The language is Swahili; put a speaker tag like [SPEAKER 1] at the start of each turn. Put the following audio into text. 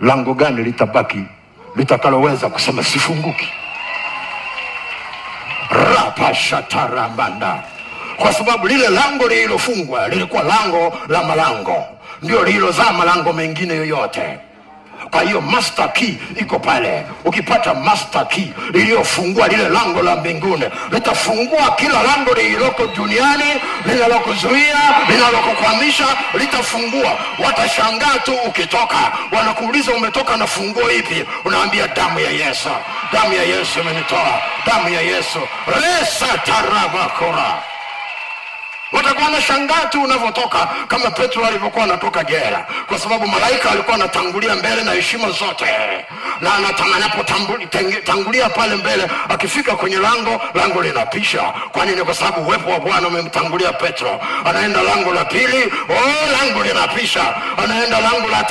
[SPEAKER 1] lango gani litabaki litakaloweza kusema sifunguki? rapashatarabanda kwa sababu lile lango lililofungwa lilikuwa lango la malango, ndio lililozaa malango mengine yoyote. Kwa hiyo master key iko pale. Ukipata master key iliyofungua lile lango la mbinguni, litafungua kila lango lililoko duniani linalokuzuia, linalokukwamisha, litafungua. Watashangaa tu ukitoka, wanakuuliza umetoka na funguo ipi? Unaambia damu ya Yesu, damu ya Yesu imenitoa, damu ya Yesu resa tarabakora sababu anashangaa tu unavyotoka kama Petro alivyokuwa anatoka jera kwa sababu malaika alikuwa anatangulia mbele na heshima zote, na anapotangulia pale mbele, akifika kwenye lango, lango linapisha. kwanini Kwa sababu uwepo wa Bwana umemtangulia Petro. Anaenda lango la pili, oh, lango linapisha. Anaenda lango la